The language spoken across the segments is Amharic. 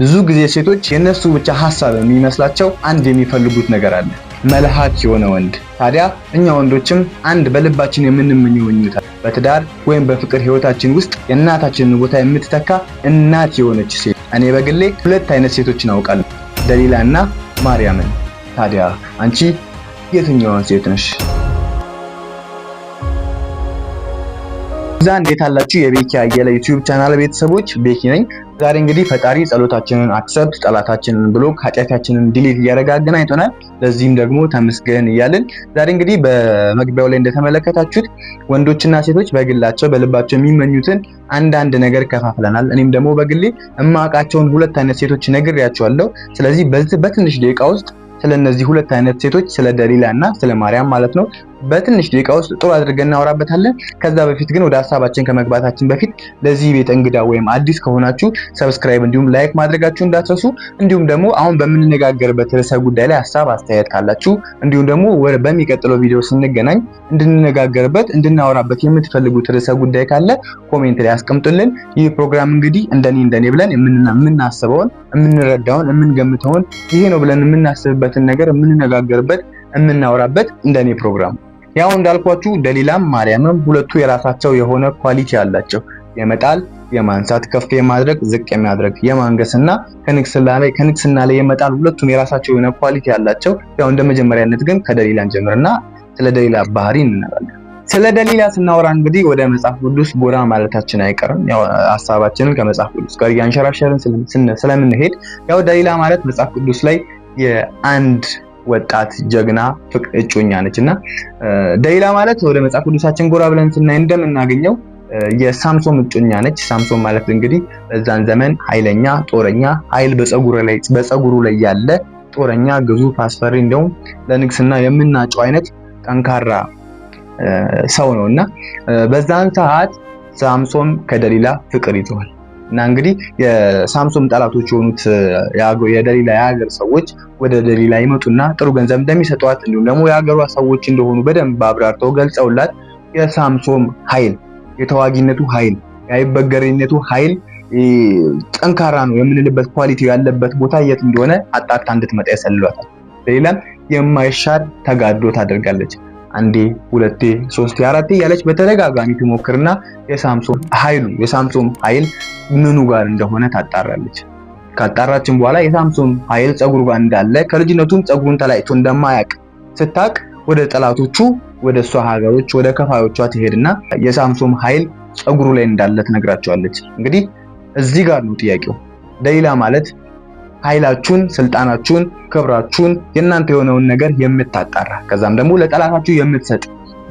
ብዙ ጊዜ ሴቶች የእነሱ ብቻ ሀሳብ የሚመስላቸው አንድ የሚፈልጉት ነገር አለ፣ መልሃክ የሆነ ወንድ። ታዲያ እኛ ወንዶችም አንድ በልባችን የምንመኘው እኙታ በትዳር ወይም በፍቅር ህይወታችን ውስጥ የእናታችንን ቦታ የምትተካ እናት የሆነች ሴት። እኔ በግሌ ሁለት አይነት ሴቶችን አውቃለሁ፣ ደሊላ እና ማርያምን። ታዲያ አንቺ የትኛዋን ሴት ነሽ? እዛ እንዴት አላችሁ? የቤኪ አየለ ዩቲዩብ ቻናል ቤተሰቦች ቤኪ ነኝ። ዛሬ እንግዲህ ፈጣሪ ጸሎታችንን አክሰብት ጠላታችንን ብሎ ኃጢአታችንን ድሊት እያረጋግን አይቶናል። ለዚህም ደግሞ ተመስገን እያልን ዛሬ እንግዲህ በመግቢያው ላይ እንደተመለከታችሁት ወንዶችና ሴቶች በግላቸው በልባቸው የሚመኙትን አንዳንድ ነገር ከፋፍለናል። እኔም ደግሞ በግሌ እማውቃቸውን ሁለት አይነት ሴቶች ነግሬያቸዋለሁ። ስለዚህ በዚህ በትንሽ ደቂቃ ውስጥ ስለነዚህ ሁለት አይነት ሴቶች ስለ ደሊላ እና ስለ ማርያም ማለት ነው በትንሽ ደቂቃ ውስጥ ጥሩ አድርገን እናወራበታለን። ከዛ በፊት ግን ወደ ሀሳባችን ከመግባታችን በፊት ለዚህ ቤት እንግዳ ወይም አዲስ ከሆናችሁ ሰብስክራይብ እንዲሁም ላይክ ማድረጋችሁ እንዳትረሱ። እንዲሁም ደግሞ አሁን በምንነጋገርበት ርዕሰ ጉዳይ ላይ ሀሳብ አስተያየት ካላችሁ እንዲሁም ደግሞ በሚቀጥለው ቪዲዮ ስንገናኝ እንድንነጋገርበት እንድናወራበት የምትፈልጉት ርዕሰ ጉዳይ ካለ ኮሜንት ላይ አስቀምጡልን። ይህ ፕሮግራም እንግዲህ እንደኔ እንደኔ ብለን የምናስበውን የምንረዳውን የምንገምተውን ይሄ ነው ብለን የምናስብበትን ነገር የምንነጋገርበት የምናወራበት እንደኔ ፕሮግራም ያው እንዳልኳችሁ ደሊላም ማርያምም ሁለቱ የራሳቸው የሆነ ኳሊቲ አላቸው። የመጣል የማንሳት ከፍ የማድረግ ዝቅ የሚያድረግ የማንገስና ከንግስና ላይ ከንግስና ላይ የመጣል ሁለቱም የራሳቸው የሆነ ኳሊቲ አላቸው። ያው እንደ መጀመሪያነት ግን ከደሊላ ጀምርና ስለ ደሊላ ባህሪ እንነጋለን። ስለ ደሊላ ስናወራ እንግዲህ ወደ መጽሐፍ ቅዱስ ጎራ ማለታችን አይቀርም። ያው ሀሳባችንን ከመጽሐፍ ቅዱስ ጋር እያንሸራሸርን ስለምንሄድ ያው ደሊላ ማለት መጽሐፍ ቅዱስ ላይ የአንድ ወጣት ጀግና እጮኛ ነች እና ደይላ ማለት ወደ መጽሐፍ ቅዱሳችን ጎራ ብለን ስናይ እንደምናገኘው የሳምሶን እጮኛ ነች። ሳምሶን ማለት እንግዲህ በዛን ዘመን ኃይለኛ ጦረኛ፣ ኃይል በፀጉሩ ላይ ያለ ጦረኛ፣ ግዙፍ አስፈሪ፣ እንደውም ለንግስና የምናጨው አይነት ጠንካራ ሰው እና በዛን ሰዓት ሳምሶን ከደሊላ ፍቅር ይዘዋል። እና እንግዲህ የሳምሶም ጠላቶች የሆኑት የደሊላ የሀገር ሰዎች ወደ ደሊላ ይመጡና ጥሩ ገንዘብ እንደሚሰጧት እንዲሁም ደግሞ የሀገሯ ሰዎች እንደሆኑ በደንብ አብራርተው ገልጸውላት የሳምሶም ኃይል የተዋጊነቱ ኃይል የአይበገሬነቱ ኃይል ጠንካራ ነው የምንልበት ኳሊቲ ያለበት ቦታ የት እንደሆነ አጣርታ እንድትመጣ ያሰልሏታል። ሌላም የማይሻር ተጋድሎ ታደርጋለች። አንዴ ሁለቴ ሶስቴ አራቴ ያለች በተደጋጋሚ ትሞክርና የሳምሶን ኃይሉ የሳምሶን ኃይል ምኑ ጋር እንደሆነ ታጣራለች። ካጣራችን በኋላ የሳምሶን ኃይል ጸጉሩ ጋር እንዳለ ከልጅነቱም ጸጉሩን ተላይቶ እንደማያውቅ ስታቅ ወደ ጠላቶቹ ወደ እሷ ሀገሮች ወደ ከፋዮቿ ትሄድና የሳምሶን ኃይል ጸጉሩ ላይ እንዳለ ትነግራቸዋለች። እንግዲህ እዚህ ጋር ነው ጥያቄው። ደሊላ ማለት ኃይላችሁን፣ ስልጣናችሁን፣ ክብራችሁን የእናንተ የሆነውን ነገር የምታጣራ ከዛም ደግሞ ለጠላታችሁ የምትሰጥ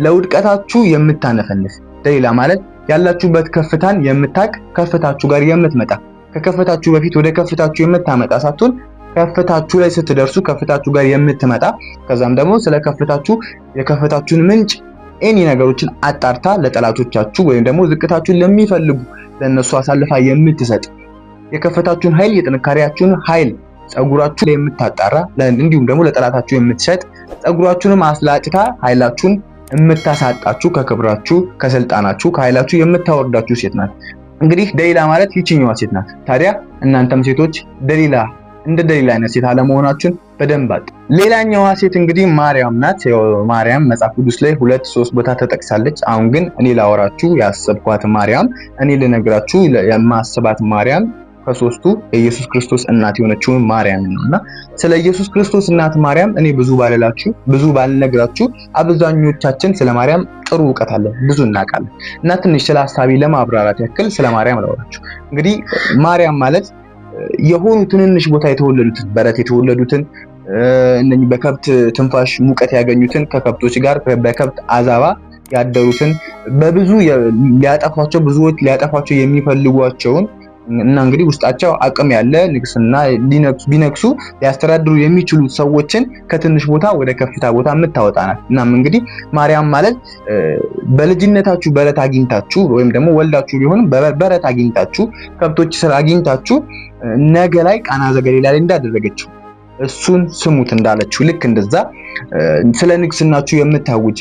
ለውድቀታችሁ የምታነፈንፍ ደሊላ ማለት ያላችሁበት ከፍታን የምታቅ ከፍታችሁ ጋር የምትመጣ ከከፍታችሁ በፊት ወደ ከፍታችሁ የምታመጣ ሳትሆን ከፍታችሁ ላይ ስትደርሱ ከፍታችሁ ጋር የምትመጣ ከዛም ደግሞ ስለ ከፍታችሁ የከፍታችሁን ምንጭ ኤኒ ነገሮችን አጣርታ ለጠላቶቻችሁ ወይም ደግሞ ዝቅታችሁን ለሚፈልጉ ለእነሱ አሳልፋ የምትሰጥ የከፈታችሁን ኃይል የጥንካሬያችሁን ኃይል ጸጉራችሁ ላይ የምታጣራ እንዲሁም ደግሞ ለጠላታችሁ የምትሰጥ ጸጉራችሁንም አስላጭታ ኃይላችሁን የምታሳጣችሁ ከክብራችሁ ከስልጣናችሁ ከኃይላችሁ የምታወርዳችሁ ሴት ናት። እንግዲህ ደሊላ ማለት ይችኛዋ ሴት ናት። ታዲያ እናንተም ሴቶች ደሊላ እንደ ደሊላ አይነት ሴት አለመሆናችሁን በደንብ አጥ። ሌላኛዋ ሴት እንግዲህ ማርያም ናት። ማርያም መጽሐፍ ቅዱስ ላይ ሁለት ሶስት ቦታ ተጠቅሳለች። አሁን ግን እኔ ላወራችሁ ያሰብኳት ማርያም እኔ ልነግራችሁ የማስባት ማርያም ከሶስቱ የኢየሱስ ክርስቶስ እናት የሆነችውን ማርያም ነው እና ስለ ኢየሱስ ክርስቶስ እናት ማርያም እኔ ብዙ ባልላችሁ ብዙ ባልነግራችሁ፣ አብዛኞቻችን ስለ ማርያም ጥሩ እውቀት አለን፣ ብዙ እናውቃለን። እና ትንሽ ስለ ሀሳቢ ለማብራራት ያክል ስለ ማርያም ላወራችሁ። እንግዲህ ማርያም ማለት የሆኑ ትንንሽ ቦታ የተወለዱትን በረት የተወለዱትን እነኚህ በከብት ትንፋሽ ሙቀት ያገኙትን ከከብቶች ጋር በከብት አዛባ ያደሩትን በብዙ ሊያጠፏቸው ብዙዎች ሊያጠፏቸው የሚፈልጓቸውን እና እንግዲህ ውስጣቸው አቅም ያለ ንግስና ቢነግሱ ሊያስተዳድሩ የሚችሉ ሰዎችን ከትንሽ ቦታ ወደ ከፍታ ቦታ የምታወጣ ናት። እናም እንግዲህ ማርያም ማለት በልጅነታችሁ በረት አግኝታችሁ ወይም ደግሞ ወልዳችሁ ቢሆን በረት አግኝታችሁ ከብቶች ስራ አግኝታችሁ ነገ ላይ ቃና ዘገሊላ ላይ እንዳደረገችው እሱን ስሙት እንዳለችው ልክ እንደዛ ስለ ንግስናችሁ የምታውጅ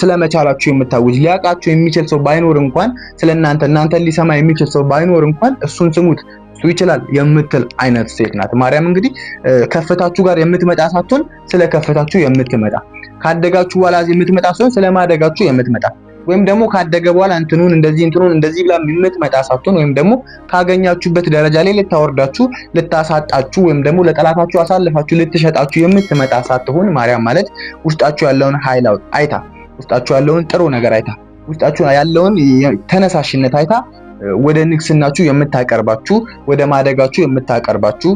ስለ መቻላችሁ የምታውጅ ሊያውቃችሁ የሚችል ሰው ባይኖር እንኳን ስለ እናንተ እናንተን ሊሰማ የሚችል ሰው ባይኖር እንኳን እሱን ስሙት እሱ ይችላል የምትል አይነት ሴት ናት ማርያም። እንግዲህ ከፍታችሁ ጋር የምትመጣ ሳትሆን ስለ ከፍታችሁ የምትመጣ ካደጋችሁ በኋላ የምትመጣ ሲሆን ስለማደጋችሁ የምትመጣ ወይም ደግሞ ካደገ በኋላ እንትኑን እንደዚህ እንትኑን እንደዚህ ብላ የምትመጣ ሳትሆን ወይም ደግሞ ካገኛችሁበት ደረጃ ላይ ልታወርዳችሁ ልታሳጣችሁ ወይም ደግሞ ለጠላታችሁ አሳልፋችሁ ልትሸጣችሁ የምትመጣ ሳትሆን ማርያም ማለት ውስጣችሁ ያለውን ኃይል አይታ ውስጣችሁ ያለውን ጥሩ ነገር አይታ ውስጣችሁ ያለውን ተነሳሽነት አይታ ወደ ንግስናችሁ የምታቀርባችሁ ወደ ማደጋችሁ የምታቀርባችሁ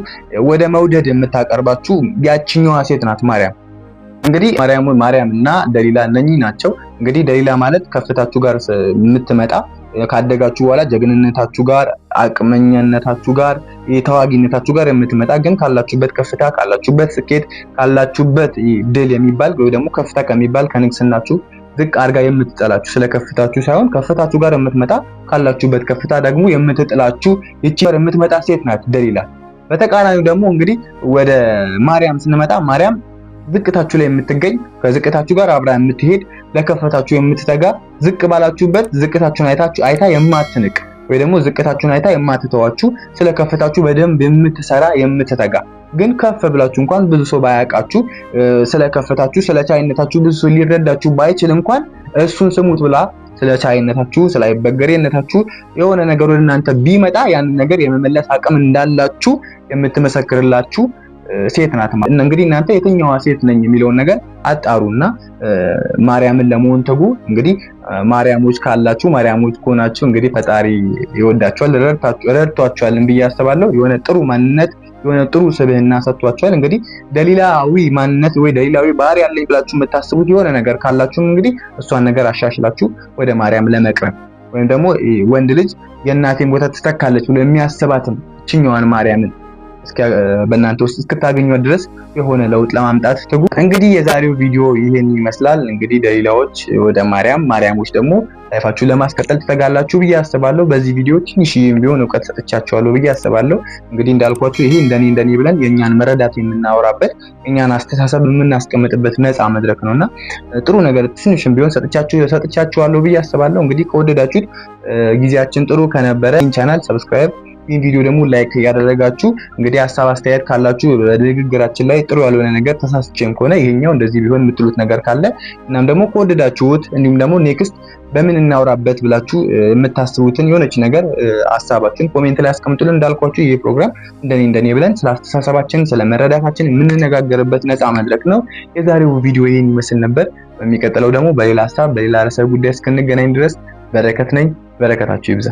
ወደ መውደድ የምታቀርባችሁ ያችኛዋ ሴት ናት ማርያም። እንግዲህ ማርያም ማርያም እና ደሊላ እነኚህ ናቸው። እንግዲህ ደሊላ ማለት ከፍታችሁ ጋር የምትመጣ ካደጋችሁ በኋላ ጀግንነታችሁ ጋር፣ አቅመኛነታችሁ ጋር፣ የተዋጊነታችሁ ጋር የምትመጣ ግን ካላችሁበት ከፍታ ካላችሁበት ስኬት ካላችሁበት ድል የሚባል ወይ ደግሞ ከፍታ ከሚባል ከንግስናችሁ ዝቅ አድርጋ የምትጠላችሁ ስለ ከፍታችሁ ሳይሆን ከፍታችሁ ጋር የምትመጣ ካላችሁበት ከፍታ ደግሞ የምትጥላችሁ ይቺ ጋር የምትመጣ ሴት ናት ደሊላ። በተቃራኒው ደግሞ እንግዲህ ወደ ማርያም ስንመጣ ማርያም ዝቅታችሁ ላይ የምትገኝ ከዝቅታችሁ ጋር አብራ የምትሄድ ለከፍታችሁ የምትተጋ ዝቅ ባላችሁበት ዝቅታችሁን አይታችሁ አይታ የማትንቅ ወይ ደግሞ ዝቅታችሁን አይታ የማትተዋችሁ ስለ ከፍታችሁ በደንብ የምትሰራ የምትተጋ ግን ከፍ ብላችሁ እንኳን ብዙ ሰው ባያውቃችሁ ስለ ከፍታችሁ ስለ ቻይነታችሁ ብዙ ሰው ሊረዳችሁ ባይችል እንኳን እሱን ስሙት ብላ ስለ ቻይነታችሁ ስለ አይበገሬነታችሁ የሆነ ነገር ወደ እናንተ ቢመጣ ያንን ነገር የመመለስ አቅም እንዳላችሁ የምትመሰክርላችሁ ሴት ናት። እንግዲህ እናንተ የትኛዋ ሴት ነኝ የሚለውን ነገር አጣሩና ማርያምን ለመሆን ትጉ። እንግዲህ ማርያሞች ካላችሁ ማርያሞች ከሆናችሁ እንግዲህ ፈጣሪ ይወዳችኋል፣ ረድቷችኋል ብዬ አስባለሁ። የሆነ ጥሩ ማንነት የሆነ ጥሩ ስብህና ሰጥቷቸዋል። እንግዲህ ደሊላዊ ማንነት ወይ ደሊላዊ ባህሪ ያለኝ ብላችሁ የምታስቡት የሆነ ነገር ካላችሁ እንግዲህ እሷን ነገር አሻሽላችሁ ወደ ማርያም ለመቅረብ ወይም ደግሞ ወንድ ልጅ የእናቴን ቦታ ትተካለች ብሎ የሚያስባትም ችኛዋን ማርያምን በእናንተ ውስጥ እስክታገኙ ድረስ የሆነ ለውጥ ለማምጣት ትጉ። እንግዲህ የዛሬው ቪዲዮ ይህን ይመስላል። እንግዲህ ደሊላዎች ወደ ማርያም፣ ማርያሞች ደግሞ ላይፋችሁን ለማስቀጠል ትተጋላችሁ ብዬ አስባለሁ። በዚህ ቪዲዮ ትንሽም ቢሆን እውቀት ሰጥቻችኋለሁ ብዬ አስባለሁ። እንግዲህ እንዳልኳችሁ ይሄ እንደኔ እንደኔ ብለን የእኛን መረዳት የምናወራበት የእኛን አስተሳሰብ የምናስቀምጥበት ነፃ መድረክ ነውና ጥሩ ነገር ትንሽም ቢሆን ሰጥቻችኋለሁ ብዬ አስባለሁ። እንግዲህ ከወደዳችሁት ጊዜያችን ጥሩ ከነበረ ቻናል ሰብስክራይብ ይህን ቪዲዮ ደግሞ ላይክ እያደረጋችሁ እንግዲህ ሀሳብ አስተያየት ካላችሁ በንግግራችን ላይ ጥሩ ያልሆነ ነገር ተሳስቼም ከሆነ ይሄኛው እንደዚህ ቢሆን የምትሉት ነገር ካለ እናም ደግሞ ከወደዳችሁት እንዲሁም ደግሞ ኔክስት በምን እናውራበት ብላችሁ የምታስቡትን የሆነች ነገር ሀሳባችን ኮሜንት ላይ አስቀምጡልን። እንዳልኳችሁ ይህ ፕሮግራም እንደኔ እንደኔ ብለን ስለ አስተሳሰባችን፣ ስለ መረዳታችን የምንነጋገርበት ነፃ መድረክ ነው። የዛሬው ቪዲዮ ይህን ይመስል ነበር። በሚቀጥለው ደግሞ በሌላ ሀሳብ በሌላ ርዕሰ ጉዳይ እስክንገናኝ ድረስ በረከት ነኝ። በረከታችሁ ይብዛ።